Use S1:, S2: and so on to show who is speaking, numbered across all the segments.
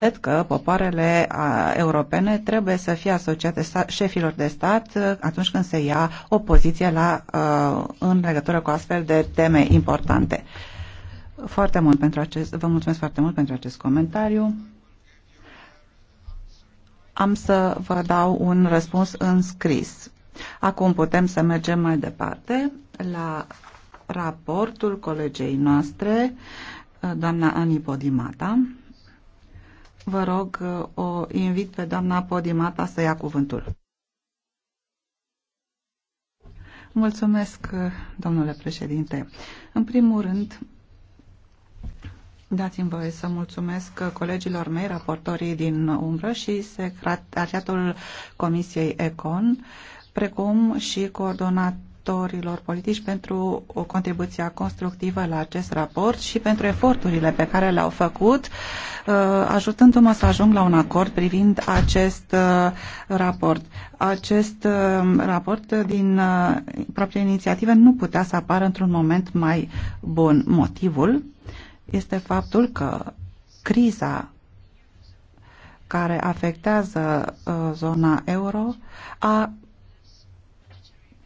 S1: Cred că popoarele europene trebuie să fie asociate șefilor de stat uh, atunci când se ia o poziție la, uh, în legătură cu astfel de teme importante. Foarte mult pentru acest, vă mulțumesc foarte mult pentru acest comentariu. Am să vă dau un răspuns în scris. Acum putem să mergem mai departe la raportul colegei noastre, uh, doamna Ani Podimata. Vă rog, uh, o invit pe doamna Podimata să ia cuvântul. Mulțumesc, uh, domnule președinte. În primul rând, Dați-mi voie să mulțumesc uh, colegilor mei, raportorii din umbră și secretariatul Comisiei ECON, precum și coordonat actorilor politici pentru o contribuție constructivă la acest raport și pentru eforturile pe care le-au făcut, uh, ajutându-mă să ajung la un acord privind acest uh, raport. Acest uh, raport din propria inițiativă nu putea să apară într-un moment mai bun. Motivul este faptul că criza care afectează zona euro a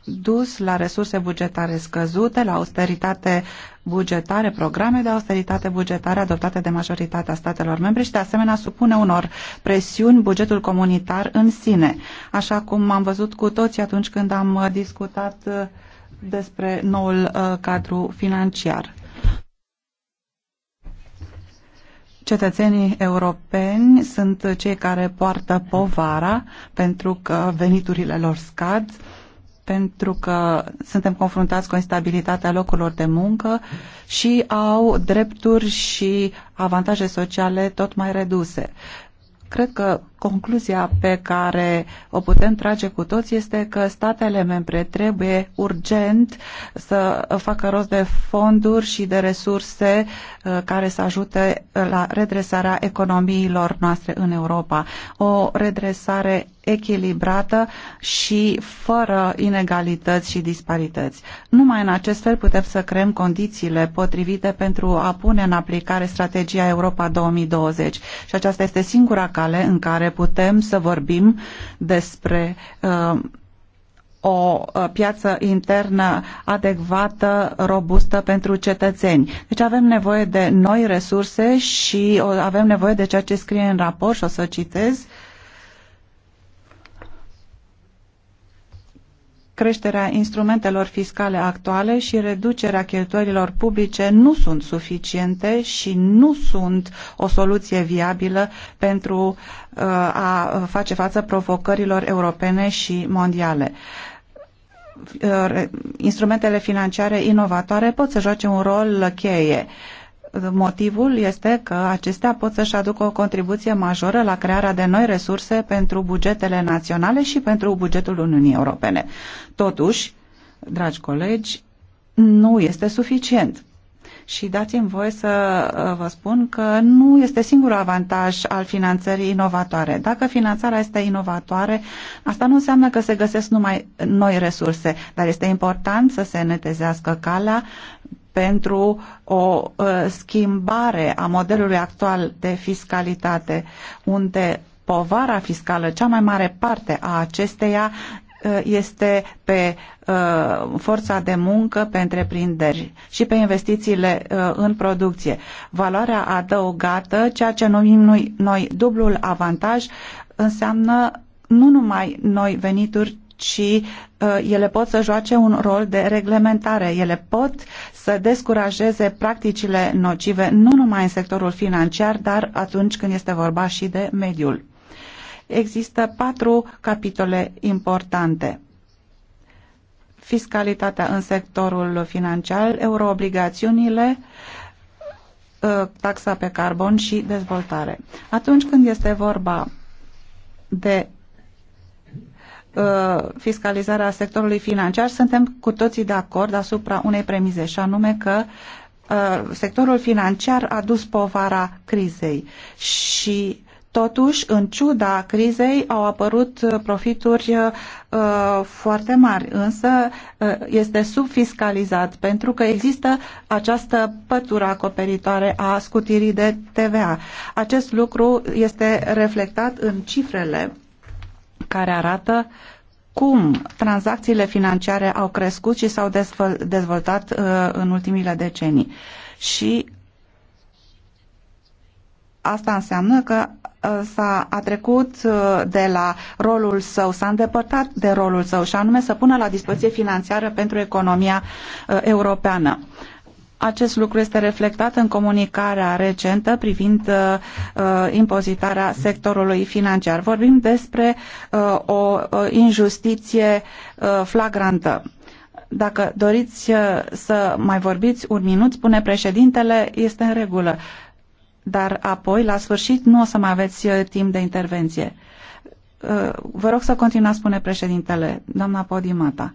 S1: dus la resurse bugetare scăzute, la austeritate bugetare, programe de austeritate bugetare adoptate de majoritatea statelor membre și de asemenea supune unor presiuni bugetul comunitar în sine, așa cum am văzut cu toții atunci când am uh, discutat uh, despre noul uh, cadru financiar. Cetățenii europeni sunt cei care poartă povara pentru că veniturile lor scad, pentru că suntem confruntați cu instabilitatea locurilor de muncă și au drepturi și avantaje sociale tot mai reduse. Cred că concluzia pe care o putem trage cu toți este că statele membre trebuie urgent să facă rost de fonduri și de resurse uh, care să ajute la redresarea economiilor noastre în Europa. O redresare echilibrată și fără inegalități și disparități. Numai în acest fel putem să creăm condițiile potrivite pentru a pune în aplicare strategia Europa 2020 și aceasta este singura cale în care putem să vorbim despre uh, o uh, piață internă adecvată, robustă pentru cetățeni. Deci avem nevoie de noi resurse și avem nevoie de ceea ce scrie în raport și o să citez uh, creșterea instrumentelor fiscale actuale și reducerea cheltuielilor publice nu sunt suficiente și nu sunt o soluție viabilă pentru uh, a face față provocărilor europene și mondiale uh, instrumentele financiare inovatoare pot să joace un rol cheie. Motivul este că acestea pot să-și aducă o contribuție majoră la crearea de noi resurse pentru bugetele naționale și pentru bugetul Uniunii Europene. Totuși, dragi colegi, nu este suficient. Și dați-mi voie să uh, vă spun că nu este singurul avantaj al finanțării inovatoare. Dacă finanțarea este inovatoare, asta nu înseamnă că se găsesc numai noi resurse, dar este important să se netezească calea pentru o uh, schimbare a modelului actual de fiscalitate, unde povara fiscală, cea mai mare parte a acesteia, uh, este pe uh, forța de muncă, pe întreprinderi și pe investițiile în producție. Valoarea adăugată, ceea ce numim noi, noi dublul avantaj, înseamnă nu numai noi venituri, ci uh, ele pot să joace un rol de reglementare. Ele pot să descurajeze practicile nocive nu numai în sectorul financiar, dar atunci când este vorba și de mediul. Există patru capitole importante fiscalitatea în sectorul financiar, euroobligațiunile, uh, taxa pe carbon și dezvoltare. Atunci când este vorba de Uh, fiscalizarea sectorului financiar, suntem cu toții de acord asupra unei premize, și anume că uh, sectorul financiar a dus povara crizei și Totuși, în ciuda crizei, au apărut profituri uh, foarte mari, însă este subfiscalizat pentru că există această pătură acoperitoare a scutirii de TVA. Acest lucru este reflectat în cifrele care arată cum tranzacțiile financiare au crescut și s-au dezvoltat uh, în ultimile decenii. Și asta înseamnă că uh, s-a a trecut uh, de la rolul său, s-a îndepărtat de rolul său și anume să pună la dispoziție financiară pentru economia europeană. Acest lucru este reflectat în comunicarea recentă privind uh, uh impozitarea sectorului financiar. Vorbim despre uh, o injustiție uh, flagrantă. Dacă doriți uh, să mai vorbiți un minut, spune președintele, este în regulă. Dar apoi, la sfârșit, nu o să mai aveți uh, timp de intervenție. Vă rog să continuați, spune președintele, doamna Podimata.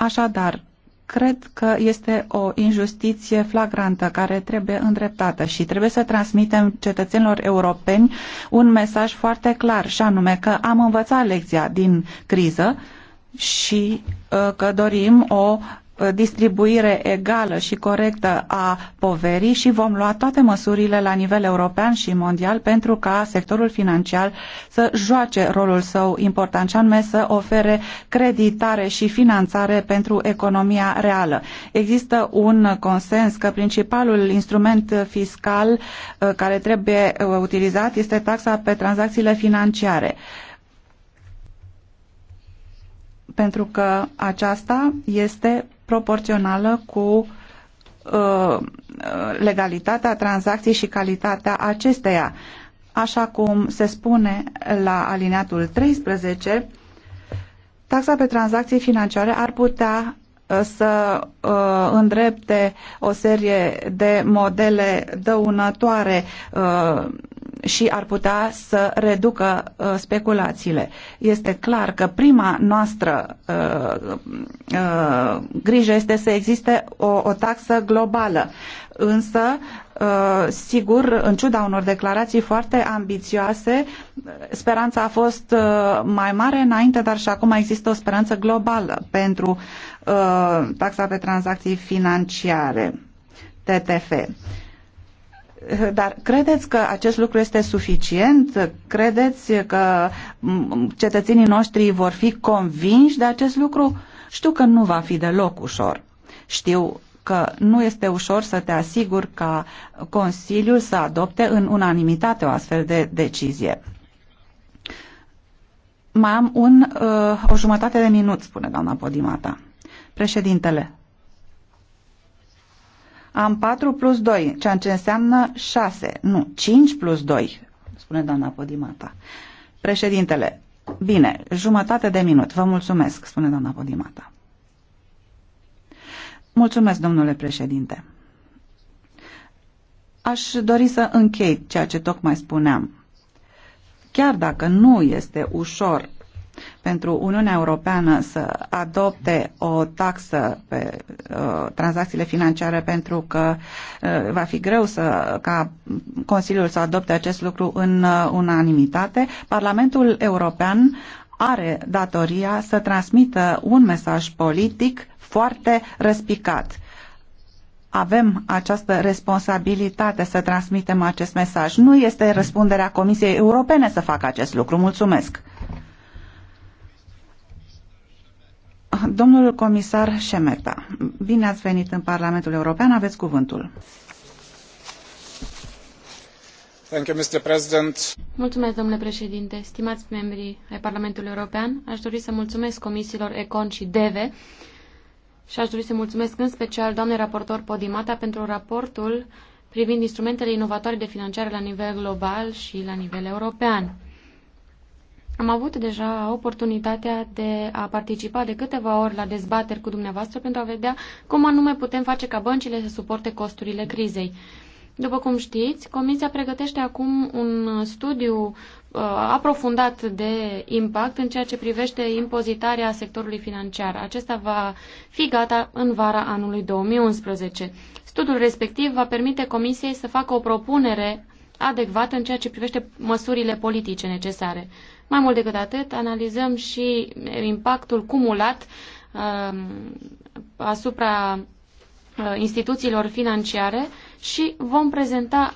S1: Așadar, cred că este o injustiție flagrantă care trebuie îndreptată și trebuie să transmitem cetățenilor europeni un mesaj foarte clar și anume că am învățat lecția din criză și uh, că dorim o distribuire egală și corectă a poverii și vom lua toate măsurile la nivel european și mondial pentru ca sectorul financiar să joace rolul său important și anume să ofere creditare și finanțare pentru economia reală. Există un consens că principalul instrument fiscal uh, care trebuie uh, utilizat este taxa pe tranzacțiile financiare pentru că aceasta este proporțională cu uh, legalitatea tranzacției și calitatea acesteia. Așa cum se spune la alineatul 13, taxa pe tranzacții financiare ar putea uh, să uh, îndrepte o serie de modele dăunătoare uh, și ar putea să reducă uh, speculațiile. Este clar că prima noastră uh, uh, grijă este să existe o, o taxă globală, însă uh, sigur, în ciuda unor declarații foarte ambițioase, speranța a fost uh, mai mare înainte, dar și acum există o speranță globală pentru uh, taxa pe tranzacții financiare, TTF. Dar credeți că acest lucru este suficient? Credeți că cetățenii noștri vor fi convinși de acest lucru? Știu că nu va fi deloc ușor. Știu că nu este ușor să te asiguri ca Consiliul să adopte în unanimitate o astfel de decizie. Mai am un, uh, o jumătate de minut, spune doamna Podimata. Președintele, am 4 plus 2, ceea ce înseamnă 6, nu, 5 plus 2, spune doamna Podimata. Președintele, bine, jumătate de minut, vă mulțumesc, spune doamna Podimata. Mulțumesc, domnule președinte. Aș dori să închei ceea ce tocmai spuneam. Chiar dacă nu este ușor pentru Uniunea Europeană să adopte o taxă pe uh, tranzacțiile financiare pentru că uh, va fi greu să, ca Consiliul să adopte acest lucru în uh, unanimitate, Parlamentul European are datoria să transmită un mesaj politic foarte răspicat avem această responsabilitate să transmitem acest mesaj. Nu este răspunderea Comisiei Europene să facă acest lucru. Mulțumesc! Domnul comisar Șemeta, bine ați venit în Parlamentul European, aveți cuvântul.
S2: Thank you, Mr. President.
S3: Mulțumesc, domnule președinte, stimați membri ai Parlamentului European, aș dori să mulțumesc comisiilor Econ și DEVE și aș dori să mulțumesc în special doamnei raportor Podimata pentru raportul privind instrumentele inovatoare de finanțare la nivel global și la nivel european. Am avut deja oportunitatea de a participa de câteva ori la dezbateri cu dumneavoastră pentru a vedea cum anume putem face ca băncile să suporte costurile crizei. După cum știți, Comisia pregătește acum un studiu uh, aprofundat de impact în ceea ce privește impozitarea sectorului financiar. Acesta va fi gata în vara anului 2011. Studiul respectiv va permite Comisiei să facă o propunere adecvată în ceea ce privește măsurile politice necesare. Mai mult decât atât, analizăm și impactul cumulat um, asupra uh, instituțiilor financiare și vom prezenta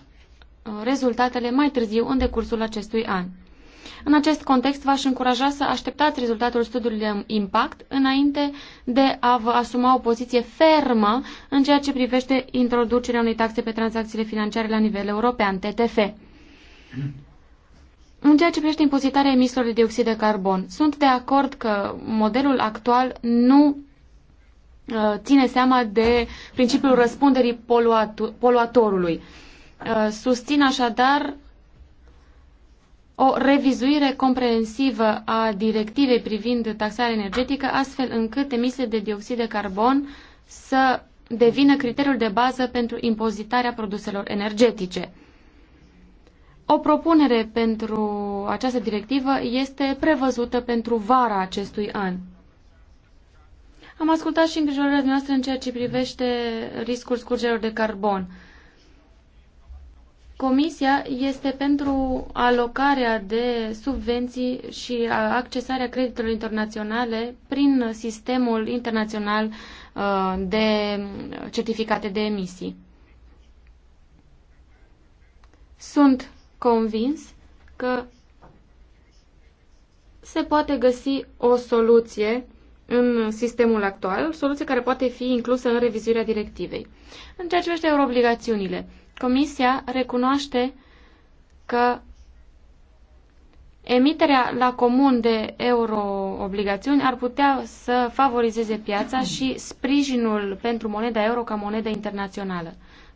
S3: uh, rezultatele mai târziu în decursul acestui an. În acest context, v-aș încuraja să așteptați rezultatul studiului de impact înainte de a vă asuma o poziție fermă în ceea ce privește introducerea unei taxe pe tranzacțiile financiare la nivel european, TTF. În ceea ce privește impozitarea emisiilor de dioxid de carbon, sunt de acord că modelul actual nu uh, ține seama de principiul răspunderii poluatorului. Uh, susțin așadar o revizuire comprehensivă a directivei privind taxarea energetică, astfel încât emisiile de dioxid de carbon să devină criteriul de bază pentru impozitarea produselor energetice. O propunere pentru această directivă este prevăzută pentru vara acestui an. Am ascultat și îngrijorările noastre în ceea ce privește riscul scurgerilor de carbon. Comisia este pentru alocarea de subvenții și accesarea creditelor internaționale prin sistemul internațional uh, de certificate de emisii. Sunt convins că se poate găsi o soluție în sistemul actual, soluție care poate fi inclusă în revizuirea directivei. În ceea ce privește euroobligațiunile, Comisia recunoaște că emiterea la comun de euroobligațiuni ar putea să favorizeze piața și sprijinul pentru moneda euro ca monedă internațională.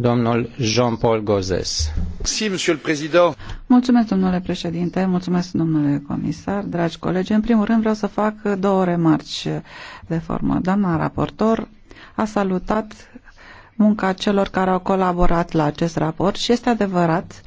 S2: domnul Jean-Paul Gauzès.
S1: Mulțumesc, domnule președinte, mulțumesc, domnule comisar, dragi colegi. În primul rând vreau să fac două remarci de formă. Doamna raportor a salutat munca celor care au colaborat la acest raport și este adevărat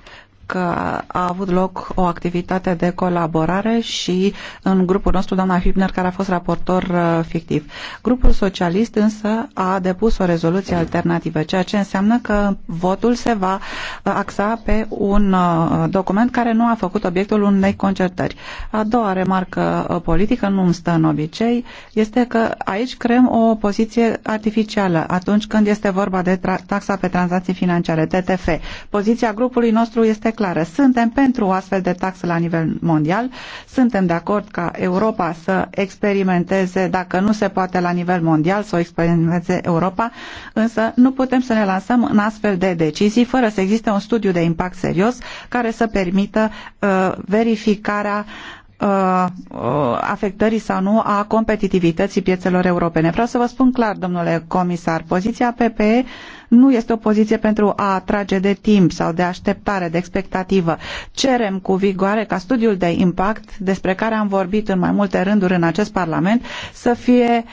S1: că a avut loc o activitate de colaborare și în grupul nostru doamna Hübner, care a fost raportor uh, fictiv. Grupul socialist însă a depus o rezoluție alternativă, ceea ce înseamnă că votul se va uh, axa pe un uh, document care nu a făcut obiectul unei concertări. A doua remarcă politică, nu îmi stă în obicei, este că aici creăm o poziție artificială atunci când este vorba de taxa pe tranzacții financiare, TTF. Poziția grupului nostru este clară. Suntem pentru o astfel de taxă la nivel mondial, suntem de acord ca Europa să experimenteze, dacă nu se poate la nivel mondial, să o experimenteze Europa, însă nu putem să ne lansăm în astfel de decizii fără să existe un studiu de impact serios care să permită uh, verificarea uh, Uh, uh, afectării sau nu a competitivității piețelor europene. Vreau să vă spun clar, domnule comisar, poziția PPE nu este o poziție pentru a atrage de timp sau de așteptare, de expectativă. Cerem cu vigoare ca studiul de impact, despre care am vorbit în mai multe rânduri în acest Parlament, să fie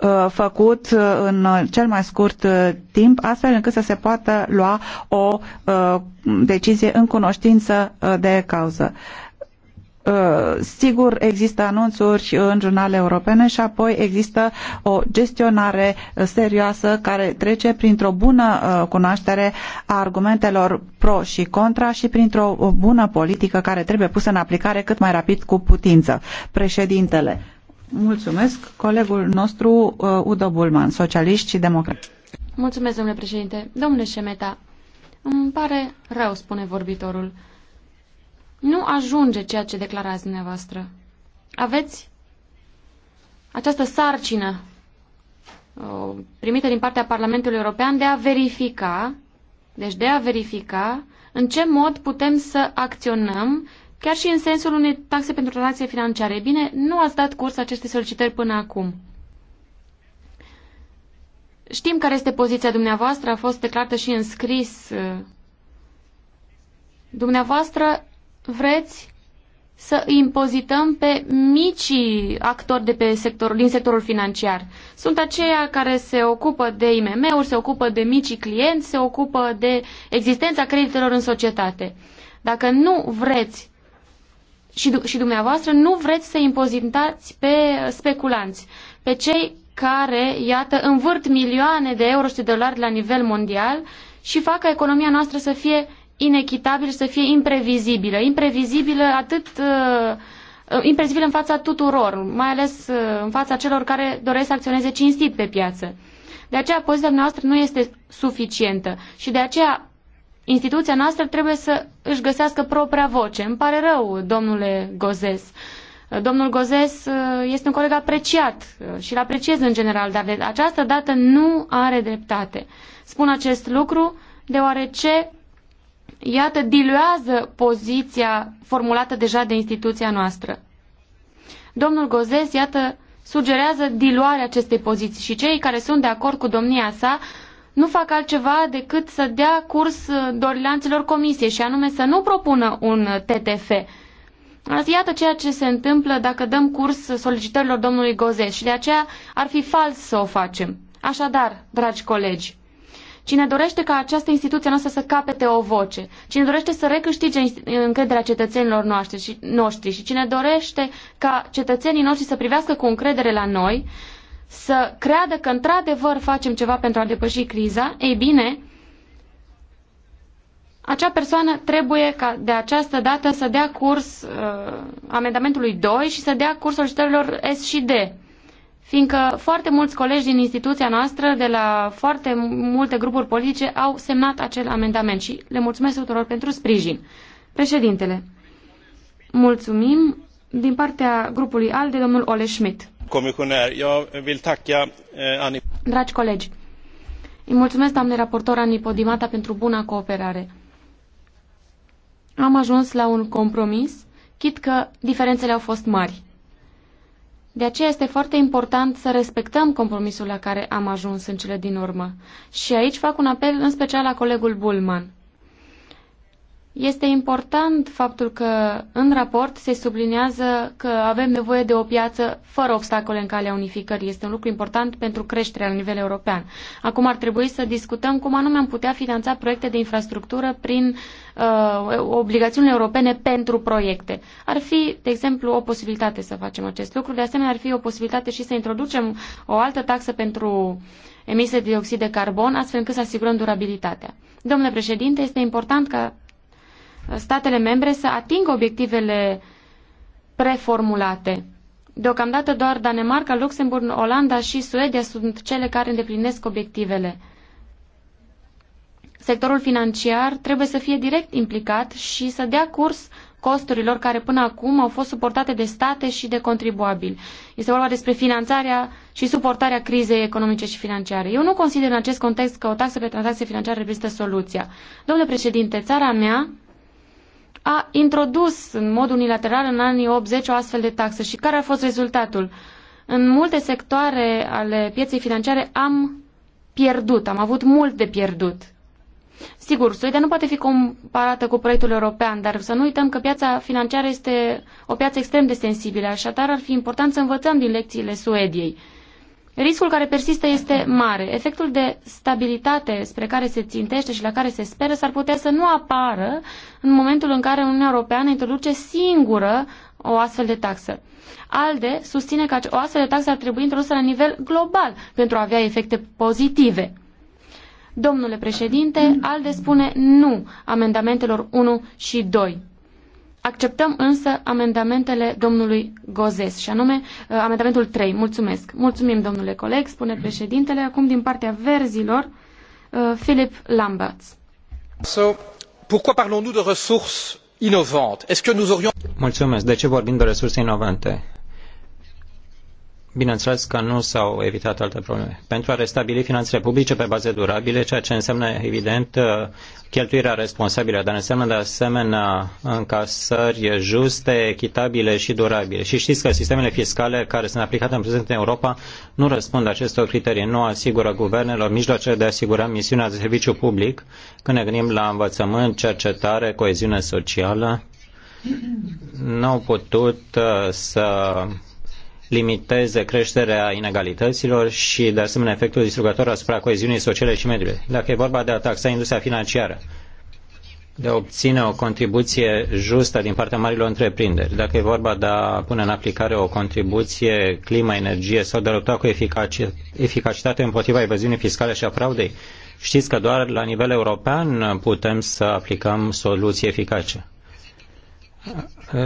S1: uh, făcut în cel mai scurt timp, astfel încât să se poată lua o decizie în cunoștință de cauză. Uh, sigur există anunțuri în jurnale europene și apoi există o gestionare serioasă care trece printr-o bună uh, cunoaștere a argumentelor pro și contra și printr-o uh, bună politică care trebuie pusă în aplicare cât mai rapid cu putință. Președintele, mulțumesc colegul nostru Udo Bulman, și democrat.
S3: Mulțumesc, domnule președinte. Domnule Șemeta, îmi pare rău, spune vorbitorul. Nu ajunge ceea ce declarați dumneavoastră. Aveți această sarcină uh, primită din partea Parlamentului European de a verifica, deci de a verifica în ce mod putem să acționăm chiar și în sensul unei taxe pentru relație financiare. E bine, nu ați dat curs aceste solicitări până acum. Știm care este poziția dumneavoastră, a fost declarată și în scris. Uh, dumneavoastră vreți să impozităm pe micii actori de pe sector, din sectorul financiar. Sunt aceia care se ocupă de IMM-uri, se ocupă de micii clienți, se ocupă de existența creditelor în societate. Dacă nu vreți și, și dumneavoastră nu vreți să impozitați pe speculanți, pe cei care, iată, învârt milioane de euro și de dolari la nivel mondial și facă economia noastră să fie inechitabil și să fie imprevizibilă. Imprevizibilă atât uh, uh, imprevizibilă în fața tuturor, mai ales uh, în fața celor care doresc să acționeze cinstit pe piață. De aceea poziția noastră nu este suficientă și de aceea instituția noastră trebuie să își găsească propria voce. Îmi pare rău, domnule Gozes. Domnul Gozes este un coleg apreciat și îl apreciez în general, dar de această dată nu are dreptate. Spun acest lucru deoarece iată, diluează poziția formulată deja de instituția noastră. Domnul Gozes, iată, sugerează diluarea acestei poziții și cei care sunt de acord cu domnia sa nu fac altceva decât să dea curs dorilanților comisiei și anume să nu propună un TTF. Azi, iată ceea ce se întâmplă dacă dăm curs solicitărilor domnului Gozes și de aceea ar fi fals să o facem. Așadar, dragi colegi, Cine dorește ca această instituție noastră să capete o voce, cine dorește să recâștige încrederea cetățenilor noștri și, noștri și cine dorește ca cetățenii noștri să privească cu încredere la noi, să creadă că într-adevăr facem ceva pentru a depăși criza, ei bine, acea persoană trebuie ca de această dată să dea curs uh, amendamentului 2 și să dea curs solicitărilor S și D fiindcă foarte mulți colegi din instituția noastră, de la foarte multe grupuri politice, au semnat acel amendament și le mulțumesc tuturor pentru sprijin. Președintele, mulțumim din partea grupului al de domnul Ole Schmidt.
S2: Comisioner, eu
S1: vil eh,
S3: Dragi colegi, îi mulțumesc doamnei raportor Ani Podimata pentru buna cooperare. Am ajuns la un compromis, chit că diferențele au fost mari. De aceea este foarte important să respectăm compromisul la care am ajuns în cele din urmă. Și aici fac un apel în special la colegul Bulman. Este important faptul că în raport se subliniază că avem nevoie de o piață fără obstacole în calea unificării. Este un lucru important pentru creșterea la nivel european. Acum ar trebui să discutăm cum anume am putea finanța proiecte de infrastructură prin uh, obligațiunile europene pentru proiecte. Ar fi, de exemplu, o posibilitate să facem acest lucru. De asemenea, ar fi o posibilitate și să introducem o altă taxă pentru emise de dioxid de carbon, astfel încât să asigurăm durabilitatea. Domnule președinte, este important ca statele membre să atingă obiectivele preformulate. Deocamdată doar Danemarca, Luxemburg, Olanda și Suedia sunt cele care îndeplinesc obiectivele. Sectorul financiar trebuie să fie direct implicat și să dea curs costurilor care până acum au fost suportate de state și de contribuabili. Este vorba despre finanțarea și suportarea crizei economice și financiare. Eu nu consider în acest context că o taxă pe tranzacție financiară reprezintă soluția. Domnule președinte, țara mea a introdus în mod unilateral în anii 80 o astfel de taxă și care a fost rezultatul? În multe sectoare ale pieței financiare am pierdut, am avut mult de pierdut. Sigur, Suedia nu poate fi comparată cu proiectul european, dar să nu uităm că piața financiară este o piață extrem de sensibilă, așadar ar fi important să învățăm din lecțiile Suediei. Riscul care persistă este mare. Efectul de stabilitate spre care se țintește și la care se speră s-ar putea să nu apară în momentul în care Uniunea Europeană introduce singură o astfel de taxă. ALDE susține că o astfel de taxă ar trebui introdusă la nivel global pentru a avea efecte pozitive. Domnule președinte, ALDE spune nu amendamentelor 1 și 2. Acceptăm însă amendamentele domnului Gozes, și anume uh, amendamentul 3. Mulțumesc. Mulțumim, domnule coleg, spune președintele. Acum, din partea verzilor, uh, Philip Lambert.
S4: So, pourquoi parlons-nous de ressources innovantes? Est-ce que nous aurions...
S2: Mulțumesc. De ce vorbim de resurse inovante? Bineînțeles că nu s-au evitat alte probleme. Pentru a restabili finanțele publice pe baze durabile, ceea ce înseamnă, evident, uh, cheltuirea responsabilă, dar înseamnă de asemenea încasări juste, echitabile și durabile. Și știți că sistemele fiscale care sunt aplicate în prezent în Europa nu răspund acestor criterii, nu asigură guvernelor mijloace de a asigura misiunea de serviciu public când ne gândim la învățământ, cercetare, coeziune socială, nu au putut uh, să limiteze creșterea inegalităților și, de asemenea, efectul distrugător asupra coeziunii sociale și mediului. Dacă e vorba de a taxa industria financiară, de a obține o contribuție justă din partea marilor întreprinderi, dacă e vorba de a pune în aplicare o contribuție clima, energie sau de a lupta cu eficace, eficacitate împotriva evaziunii fiscale și a fraudei, știți că doar la nivel european putem să aplicăm soluții eficace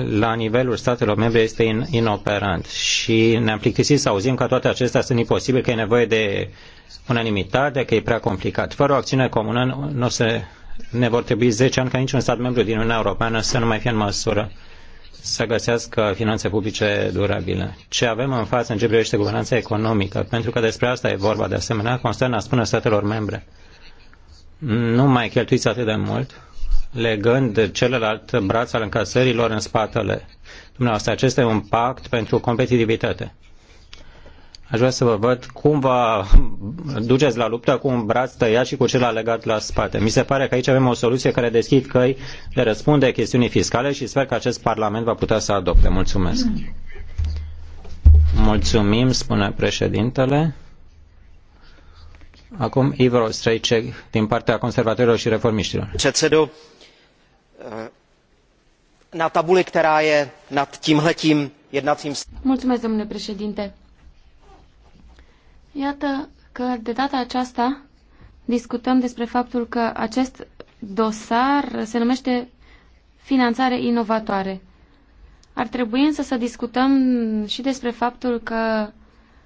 S2: la nivelul statelor membre este inoperant și ne-am plictisit să auzim că toate acestea sunt imposibile, că e nevoie de unanimitate, că e prea complicat. Fără o acțiune comună nu se, ne vor trebui 10 ani ca niciun stat membru din Uniunea Europeană să nu mai fie în măsură să găsească finanțe publice durabile. Ce avem în față în ce privește guvernanța economică, pentru că despre asta e vorba de asemenea, constă în a spune statelor membre. Nu mai cheltuiți atât de mult, legând celălalt braț al încasărilor în spatele dumneavoastră. Acesta e un pact pentru competitivitate. Aș vrea să vă văd cum vă duceți la luptă cu un braț tăiat și cu cel legat la spate. Mi se pare că aici avem o soluție care deschid căi de răspunde chestiunii fiscale și sper că acest Parlament va putea să adopte. Mulțumesc. Mulțumim, spune președintele. Acum Ivor Strejcek din partea conservatorilor și reformiștilor. Předsedo, Eh,
S3: na tabuli, která je
S2: nad tímhletím jednacím
S3: Mulțumesc, domnule președinte. Iată că de data aceasta discutăm despre faptul că acest dosar se numește finanțare inovatoare. Ar trebui însă să discutăm și despre faptul că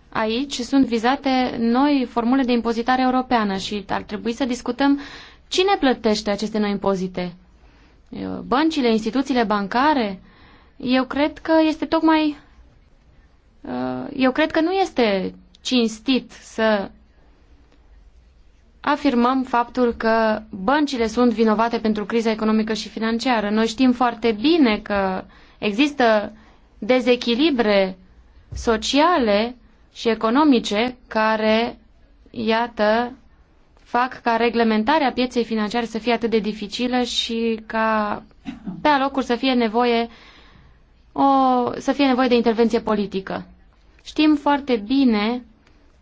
S3: aici sunt vizate noi formule de impozitare europeană și ar trebui să discutăm cine plătește aceste noi impozite băncile, instituțiile bancare, eu cred că este tocmai. Eu cred că nu este cinstit să afirmăm faptul că băncile sunt vinovate pentru criza economică și financiară. Noi știm foarte bine că există dezechilibre sociale și economice care, iată, fac ca reglementarea pieței financiare să fie atât de dificilă și ca pe alocuri să fie nevoie, o, să fie nevoie de intervenție politică. Știm foarte bine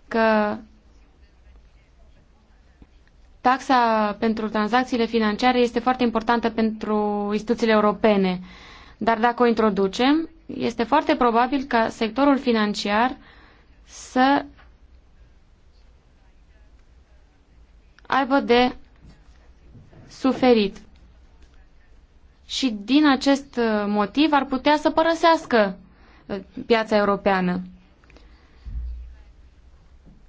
S3: că taxa pentru tranzacțiile financiare este foarte importantă pentru instituțiile europene. Dar dacă o introducem, este foarte probabil ca sectorul financiar să aibă de suferit. Și din acest uh, motiv ar putea să părăsească uh, piața europeană.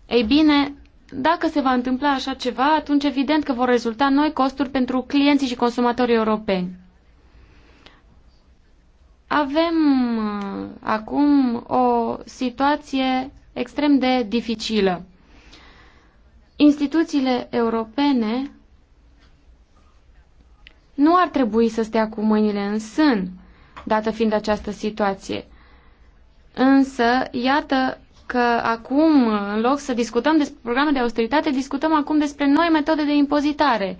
S3: Ei bine, dacă se va întâmpla așa ceva, atunci evident că vor rezulta noi costuri pentru clienții și consumatorii europeni. Avem uh, acum o situație extrem de dificilă instituțiile europene nu ar trebui să stea cu mâinile în sân, dată fiind această situație. Însă, iată că acum, în loc să discutăm despre programe de austeritate, discutăm acum despre noi metode de impozitare.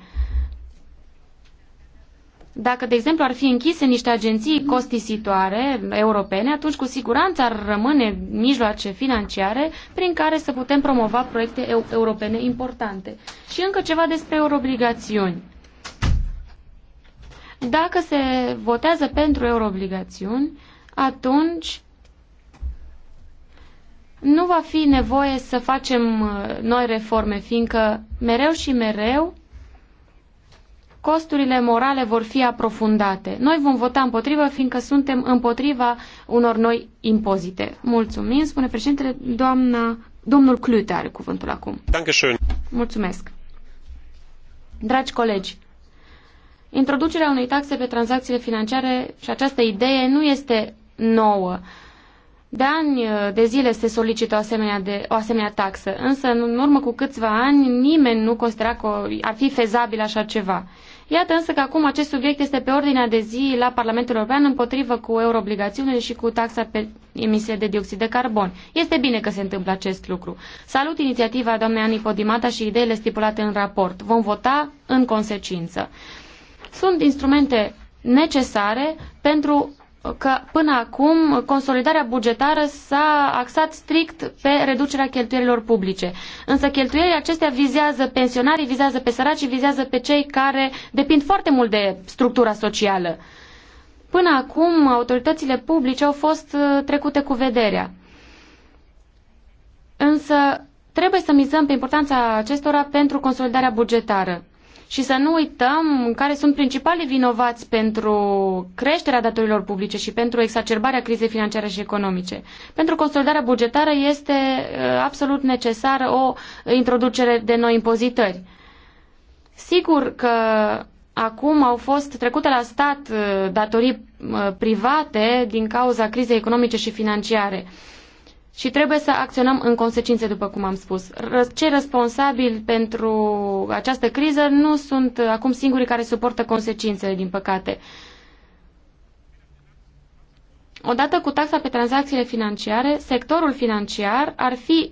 S3: Dacă, de exemplu, ar fi închise niște agenții costisitoare europene, atunci cu siguranță ar rămâne mijloace financiare prin care să putem promova proiecte eu europene importante. Și încă ceva despre euroobligațiuni. Dacă se votează pentru euroobligațiuni, atunci nu va fi nevoie să facem uh, noi reforme, fiindcă mereu și mereu costurile morale vor fi aprofundate. Noi vom vota împotrivă, fiindcă suntem împotriva unor noi impozite. Mulțumim, spune președintele, doamna, domnul Clute are cuvântul acum. Mulțumesc. Dragi colegi, introducerea unei taxe pe tranzacțiile financiare și această idee nu este nouă. De ani de zile se solicită o asemenea, de, o asemenea taxă, însă în urmă cu câțiva ani nimeni nu considera că ar fi fezabil așa ceva. Iată însă că acum acest subiect este pe ordinea de zi la Parlamentul European împotrivă cu euroobligațiunile și cu taxa pe emisiile de dioxid de carbon. Este bine că se întâmplă acest lucru. Salut inițiativa doamnei Ani Podimata și ideile stipulate în raport. Vom vota în consecință. Sunt instrumente necesare pentru că până acum consolidarea bugetară s-a axat strict pe reducerea cheltuielilor publice. Însă cheltuielile acestea vizează pensionarii, vizează pe săraci, vizează pe cei care depind foarte mult de structura socială. Până acum, autoritățile publice au fost uh, trecute cu vederea. Însă trebuie să mizăm pe importanța acestora pentru consolidarea bugetară și să nu uităm care sunt principalii vinovați pentru creșterea datorilor publice și pentru exacerbarea crizei financiare și economice. Pentru consolidarea bugetară este uh, absolut necesară o introducere de noi impozitări. Sigur că acum au fost trecute la stat uh, datorii uh, private din cauza crizei economice și financiare și trebuie să acționăm în consecință, după cum am spus. Cei responsabili pentru această criză nu sunt acum singurii care suportă consecințele, din păcate. Odată cu taxa pe tranzacțiile financiare, sectorul financiar ar fi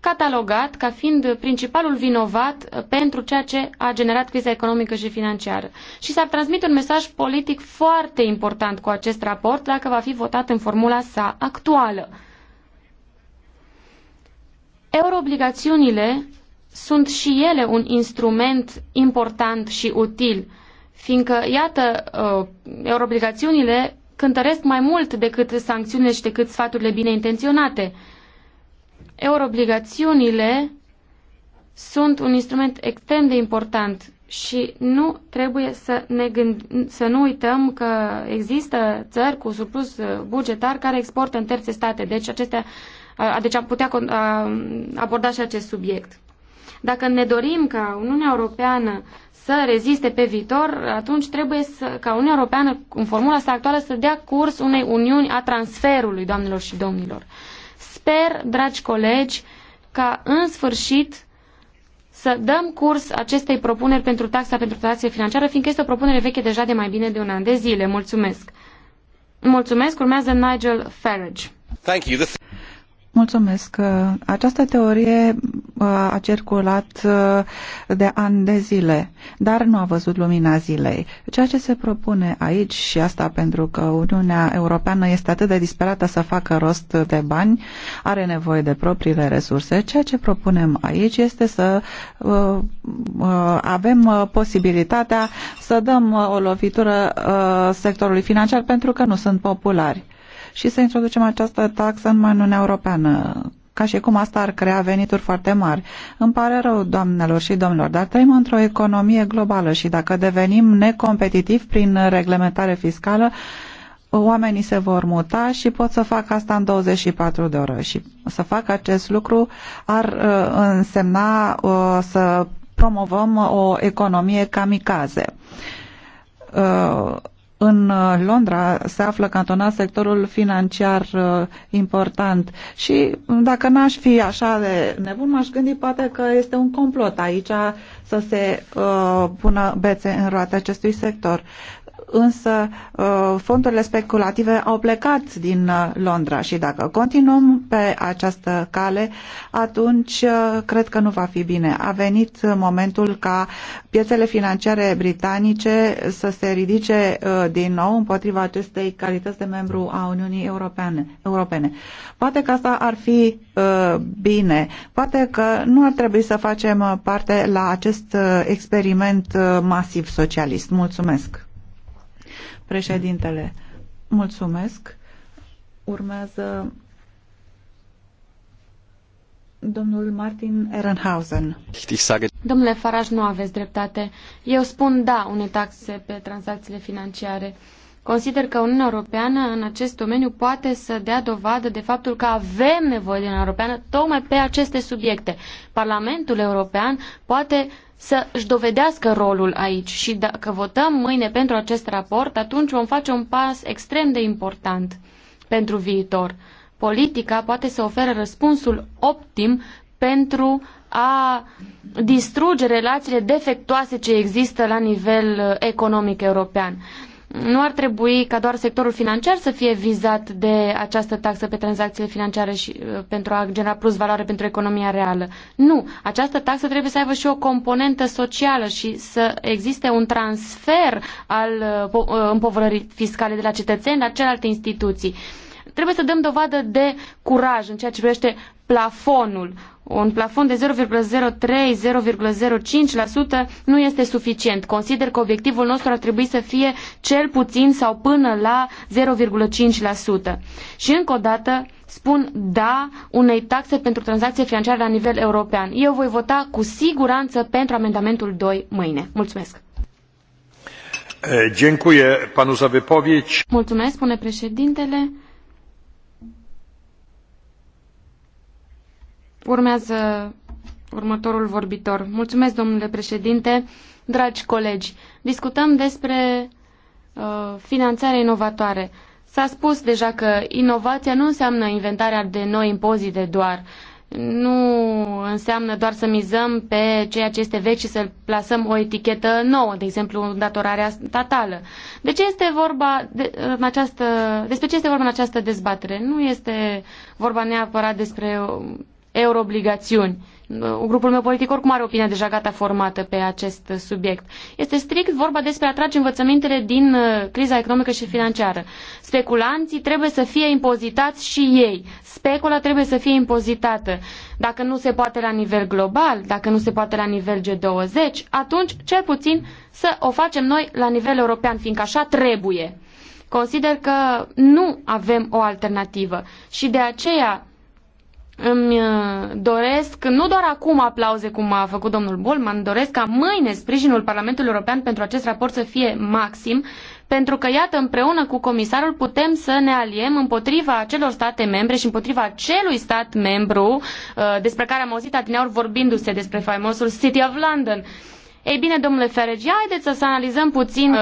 S3: catalogat ca fiind principalul vinovat pentru ceea ce a generat criza economică și financiară. Și s-ar transmite un mesaj politic foarte important cu acest raport dacă va fi votat în formula sa actuală. Euroobligațiunile sunt și ele un instrument important și util, fiindcă, iată, uh, euroobligațiunile cântăresc mai mult decât sancțiunile și decât sfaturile bine intenționate. Euroobligațiunile sunt un instrument extrem de important și nu trebuie să, ne gând, să nu uităm că există țări cu surplus uh, bugetar care exportă în terțe state, deci acestea deci am putea aborda și acest subiect. Dacă ne dorim ca Uniunea Europeană să reziste pe viitor, atunci trebuie să, ca Uniunea Europeană, în formula sa actuală, să dea curs unei uniuni a transferului, doamnelor și domnilor. Sper, dragi colegi, ca în sfârșit să dăm curs acestei propuneri pentru taxa pentru tranzacție financiară, fiindcă este o propunere veche deja de mai bine de un an de zile. Mulțumesc! Mulțumesc! Urmează Nigel Farage.
S4: Thank you.
S1: Mulțumesc. Această teorie uh, a circulat uh, de ani de zile, dar nu a văzut lumina zilei. Ceea ce se propune aici, și asta pentru că Uniunea Europeană este atât de disperată să facă rost de bani, are nevoie de propriile resurse, ceea ce propunem aici este să uh, avem posibilitatea să dăm o lovitură sectorului financiar pentru că nu sunt populari și să introducem această taxă în Uniunea Europeană, ca și cum asta ar crea venituri foarte mari. Îmi pare rău, doamnelor și domnilor, dar trăim într-o economie globală și dacă devenim necompetitivi prin reglementare fiscală, oamenii se vor muta și pot să facă asta în 24 de ore și să facă acest lucru ar uh, însemna uh, să promovăm o economie kamikaze. Uh, în uh, Londra se află cantonat sectorul financiar uh, important și dacă n-aș fi așa de nebun, m-aș gândi poate că este un complot aici să se uh, pună bețe în roate acestui sector însă uh, fondurile speculative au plecat din uh, Londra și dacă continuăm pe această cale, atunci uh, cred că nu va fi bine. A venit momentul ca piețele financiare britanice să se ridice din nou împotriva acestei calități de membru a Uniunii Europeane. Europene. Poate că asta ar fi bine, poate că nu ar trebui să facem parte la acest experiment masiv socialist. Mulțumesc! Președintele, mulțumesc. Urmează domnul
S3: Martin Ehrenhausen. Domnule Faraj, nu aveți dreptate. Eu spun da unei taxe pe tranzacțiile financiare. Consider că Uniunea Europeană în acest domeniu poate să dea dovadă de faptul că avem nevoie de Uniunea Europeană tocmai pe aceste subiecte. Parlamentul European poate să își dovedească rolul aici și dacă votăm mâine pentru acest raport, atunci vom face un pas extrem de important pentru viitor. Politica poate să ofere răspunsul optim pentru a distruge relațiile defectuoase ce există la nivel economic european. Nu ar trebui ca doar sectorul financiar să fie vizat de această taxă pe tranzacțiile financiare și uh, pentru a genera plus valoare pentru economia reală. Nu, această taxă trebuie să aibă și o componentă socială și să existe un transfer al uh, uh, împovărării fiscale de la cetățeni la celelalte instituții. Trebuie să dăm dovadă de curaj în ceea ce privește plafonul. Un plafon de 0,03-0,05% nu este suficient. Consider că obiectivul nostru ar trebui să fie cel puțin sau până la 0,5%. Și încă o dată spun da unei taxe pentru tranzacție financiare la nivel european. Eu voi vota cu siguranță pentru amendamentul 2 mâine. Mulțumesc! Panu Mulțumesc, spune președintele. Urmează următorul vorbitor. Mulțumesc, domnule președinte, dragi colegi. Discutăm despre uh, finanțare inovatoare. S-a spus deja că inovația nu înseamnă inventarea de noi impozite doar. Nu înseamnă doar să mizăm pe ceea ce este vechi și să plasăm o etichetă nouă, de exemplu, datorarea statală. De ce este vorba de, în această, despre ce este vorba în această dezbatere? Nu este vorba neapărat despre euroobligațiuni. Grupul meu politic oricum are opinia deja gata formată pe acest subiect. Este strict vorba despre a trage învățămintele din uh, criza economică și financiară. Speculanții trebuie să fie impozitați și ei. Specula trebuie să fie impozitată. Dacă nu se poate la nivel global, dacă nu se poate la nivel G20, atunci cel puțin să o facem noi la nivel european, fiindcă așa trebuie. Consider că nu avem o alternativă și de aceea îmi uh, doresc, nu doar acum aplauze cum a făcut domnul Bolman, doresc ca mâine sprijinul Parlamentului European pentru acest raport să fie maxim, pentru că, iată, împreună cu comisarul putem să ne aliem împotriva acelor state membre și împotriva acelui stat membru uh, despre care am auzit adineauri vorbindu-se despre faimosul City of London. Ei bine, domnule Feregi, haideți să analizăm puțin uh,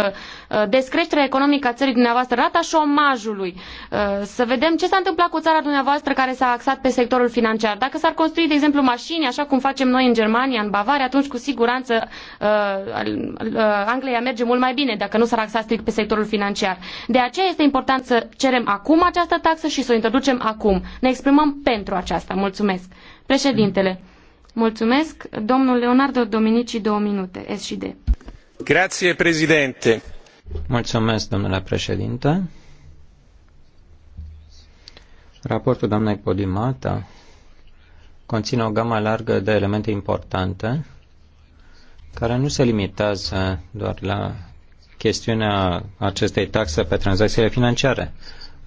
S3: uh, descreșterea economică a țării dumneavoastră, rata șomajului, uh, să vedem ce s-a întâmplat cu țara dumneavoastră care s-a axat pe sectorul financiar. Dacă s-ar construi, de exemplu, mașini, așa cum facem noi în Germania, în Bavaria, atunci cu siguranță Anglia merge mult mai bine dacă nu s-ar axa strict pe sectorul financiar. De aceea este important să cerem acum această taxă și să o introducem acum. Ne exprimăm pentru aceasta. Mulțumesc. Președintele. Mulțumesc. Domnul Leonardo Dominici, două minute, S
S2: Grazie, președinte. Mulțumesc, domnule președinte. Raportul doamnei Podimata conține o gamă largă de elemente importante care nu se limitează doar la chestiunea acestei taxe pe tranzacțiile financiare.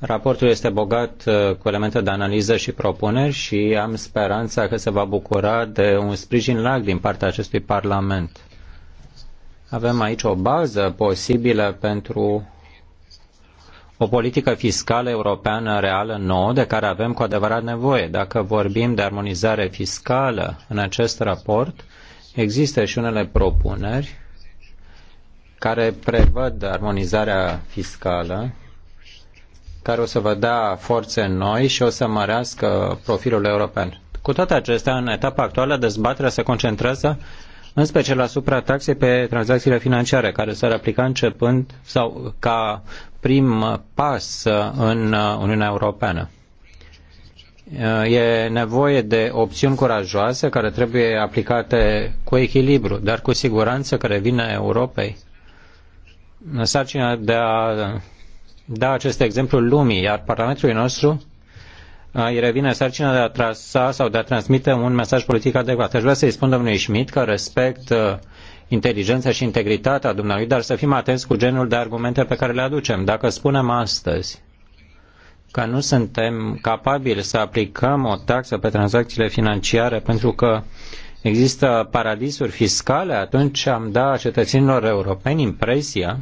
S2: Raportul este bogat uh, cu elemente de analiză și propuneri și am speranța că se va bucura de un sprijin larg din partea acestui Parlament. Avem aici o bază posibilă pentru o politică fiscală europeană reală nouă de care avem cu adevărat nevoie. Dacă vorbim de armonizare fiscală în acest raport, există și unele propuneri care prevăd armonizarea fiscală care o să vă da forțe noi și o să mărească profilul european. Cu toate acestea, în etapa actuală, dezbaterea se concentrează în special asupra taxei pe tranzacțiile financiare, care s-ar aplica începând sau ca prim pas în Uniunea Europeană. E nevoie de opțiuni curajoase care trebuie aplicate cu echilibru, dar cu siguranță care vine Europei sarcina de a da acest exemplu lumii, iar Parlamentului nostru îi revine sarcina de a trasa sau de a transmite un mesaj politic adecvat. Aș vrea să-i spun domnului Schmidt că respect inteligența și integritatea dumneavoastră, dar să fim atenți cu genul de argumente pe care le aducem. Dacă spunem astăzi că nu suntem capabili să aplicăm o taxă pe tranzacțiile financiare pentru că există paradisuri fiscale, atunci am dat cetățenilor europeni impresia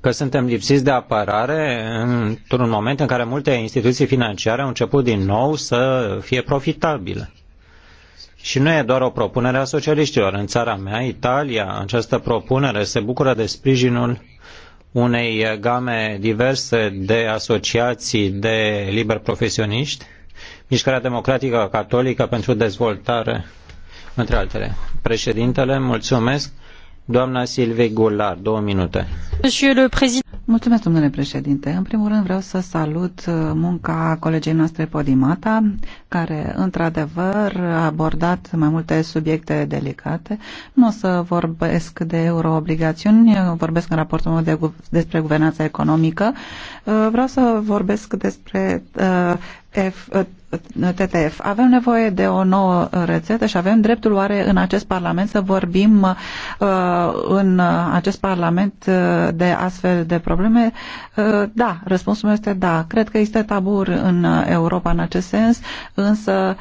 S2: că suntem lipsiți de apărare într-un moment în care multe instituții financiare au început din nou să fie profitabile. Și nu e doar o propunere a socialiștilor. În țara mea, Italia, această propunere se bucură de sprijinul unei game diverse de asociații de liber profesioniști, Mișcarea Democratică Catolică pentru Dezvoltare, între altele. Președintele, mulțumesc. Doamna Silve Golar, două minute.
S1: Mulțumesc, domnule președinte. În primul rând vreau să salut uh, munca colegei noastre Podimata, care într-adevăr a abordat mai multe subiecte delicate. Nu o să vorbesc de euroobligațiuni, vorbesc în raportul meu de, despre guvernanța economică. Uh, vreau să vorbesc despre uh, F, uh, uh, TTF. Avem nevoie de o nouă rețetă și avem dreptul oare în acest Parlament să vorbim uh, în acest Parlament uh, de astfel de probleme? Uh, da, răspunsul meu este da. Cred că este tabur în Europa în acest sens, însă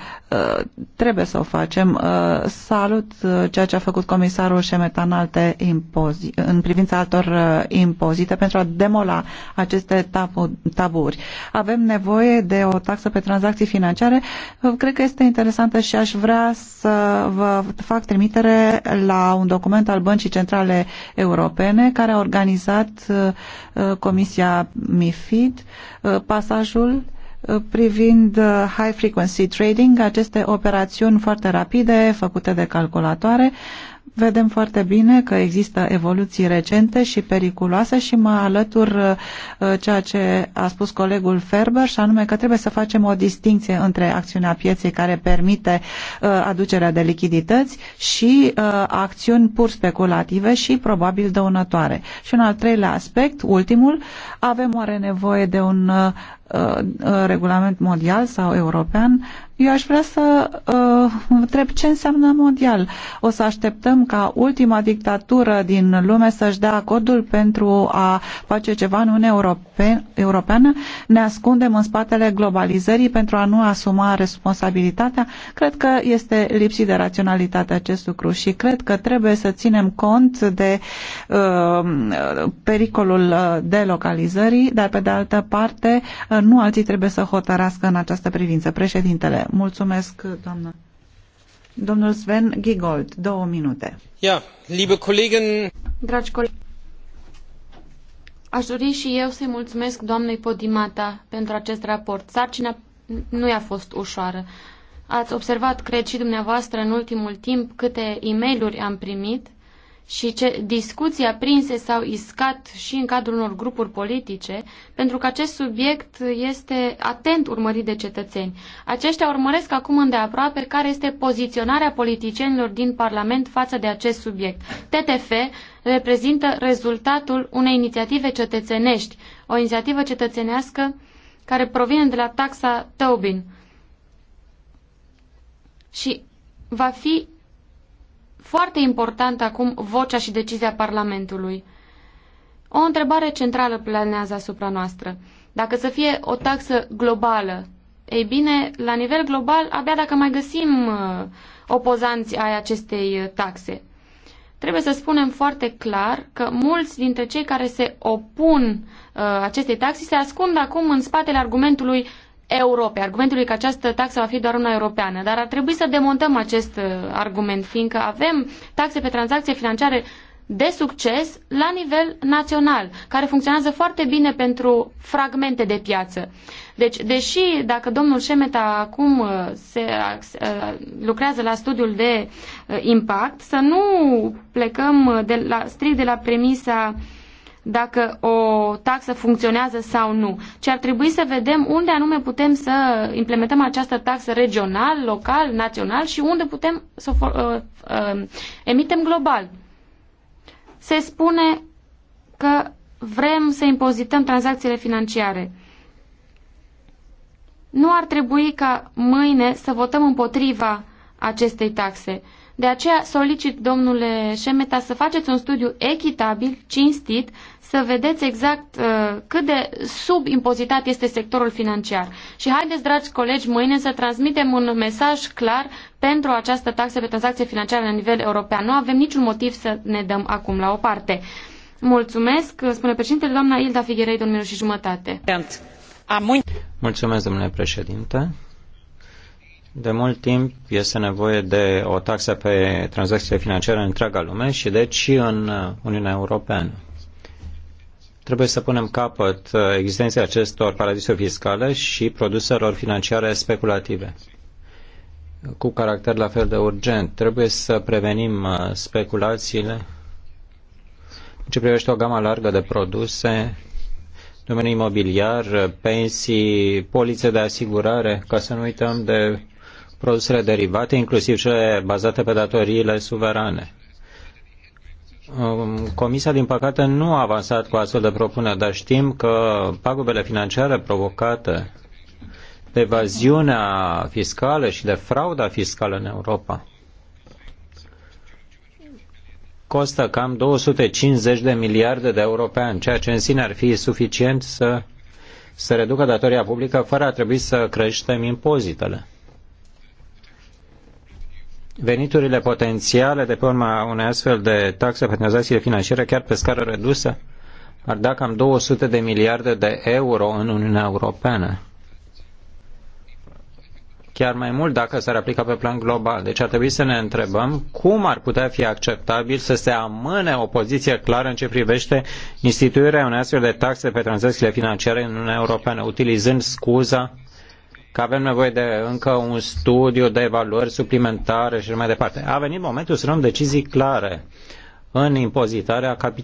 S1: trebuie să o facem. Salut ceea ce a făcut comisarul Șemeta în, alte impozi, în privința altor impozite pentru a demola aceste taburi. Avem nevoie de o taxă taxă pe tranzacții financiare, uh, cred că este interesantă și aș vrea să vă fac trimitere la un document al Băncii Centrale Europene care a organizat uh, uh, Comisia MIFID pasajul privind high frequency trading, aceste operațiuni foarte rapide făcute de calculatoare vedem foarte bine că există evoluții recente și periculoase și mă alătur uh, ceea ce a spus colegul Ferber și anume că trebuie să facem o distinție între acțiunea pieței care permite uh, aducerea de lichidități și uh, acțiuni pur speculative și probabil dăunătoare. Și un al treilea aspect, ultimul, avem oare nevoie de un regulament mondial sau european eu aș vrea să uh, întreb ce înseamnă mondial. O să așteptăm ca ultima dictatură din lume să-și dea acordul pentru a face ceva în Uniunea Europe Europeană? Ne ascundem în spatele globalizării pentru a nu asuma responsabilitatea? Cred că este lipsit de raționalitate acest lucru și cred că trebuie să ținem cont de uh, pericolul uh, delocalizării, dar pe de altă parte uh, nu alții trebuie să hotărască în această privință. Președintele, Mulțumesc, doamnă. Domnul Sven Gigold, două minute.
S2: Ja, liebe Kollegen...
S3: Dragi colegi, aș dori și eu să-i mulțumesc doamnei Podimata pentru acest raport. Sarcina nu i-a fost ușoară. Ați observat, cred și dumneavoastră, în ultimul timp câte e mail am primit și ce discuții aprinse s-au iscat și în cadrul unor grupuri politice, pentru că acest subiect este atent urmărit de cetățeni. Aceștia urmăresc acum îndeaproape care este poziționarea politicienilor din Parlament față de acest subiect. TTF reprezintă rezultatul unei inițiative cetățenești, o inițiativă cetățenească care provine de la taxa Tobin. Și va fi foarte importantă acum vocea și decizia Parlamentului. O întrebare centrală planează asupra noastră. Dacă să fie o taxă globală, ei bine, la nivel global, abia dacă mai găsim uh, opozanți ai acestei uh, taxe. Trebuie să spunem foarte clar că mulți dintre cei care se opun uh, acestei taxe se ascund acum în spatele argumentului Europei, argumentului că această taxă va fi doar una europeană, dar ar trebui să demontăm acest uh, argument, fiindcă avem taxe pe tranzacție financiare de succes la nivel național, care funcționează foarte bine pentru fragmente de piață. Deci, deși dacă domnul Șemeta acum uh, se, uh, lucrează la studiul de impact, să nu plecăm de la, strict de la premisa uh, dacă o taxă funcționează sau nu, ci ar trebui să vedem unde anume putem să implementăm această taxă regional, local, național și unde putem să o uh, uh, emitem global. Se spune că vrem să impozităm tranzacțiile financiare. Nu ar trebui ca mâine să votăm împotriva acestei taxe. De aceea solicit, domnule Șemeta, să faceți un studiu echitabil, cinstit, să vedeți exact uh, cât de subimpozitat este sectorul financiar. Și haideți, dragi colegi, mâine să transmitem un mesaj clar pentru această taxă pe tranzacție financiară la nivel european. Nu avem niciun motiv să ne dăm acum la o parte. Mulțumesc, spune președintele, doamna Ilda Figherei, domnilor și jumătate.
S2: Mulțumesc, domnule președinte. De mult timp este nevoie de o taxă pe tranzacție financiară în întreaga lume și deci și în Uniunea Europeană. Trebuie să punem capăt uh, existenței acestor paradisuri fiscale și produselor financiare speculative cu caracter la fel de urgent. Trebuie să prevenim uh, speculațiile în ce privește o gamă largă de produse, domeniul imobiliar, uh, pensii, polițe de asigurare, ca să nu uităm de produsele derivate, inclusiv cele bazate pe datoriile suverane. Um, Comisia, din păcate, nu a avansat cu astfel de propuneri, dar știm că pagubele financiare provocate de evaziunea fiscală și de frauda fiscală în Europa costă cam 250 de miliarde de euro pe an, ceea ce în sine ar fi suficient să se reducă datoria publică fără a trebui să creștem impozitele veniturile potențiale de pe urma unei astfel de taxe pe tranzacțiile financiare, chiar pe scară redusă, ar da cam 200 de miliarde de euro în Uniunea Europeană. Chiar mai mult dacă s-ar aplica pe plan global. Deci ar trebui să ne întrebăm cum ar putea fi acceptabil să se amâne o poziție clară în ce privește instituirea unei astfel de taxe pe tranzacțiile financiare în Uniunea Europeană, utilizând scuza că avem nevoie de încă un studiu de evaluări suplimentare și mai departe. A venit momentul să luăm decizii clare în impozitarea capitalului.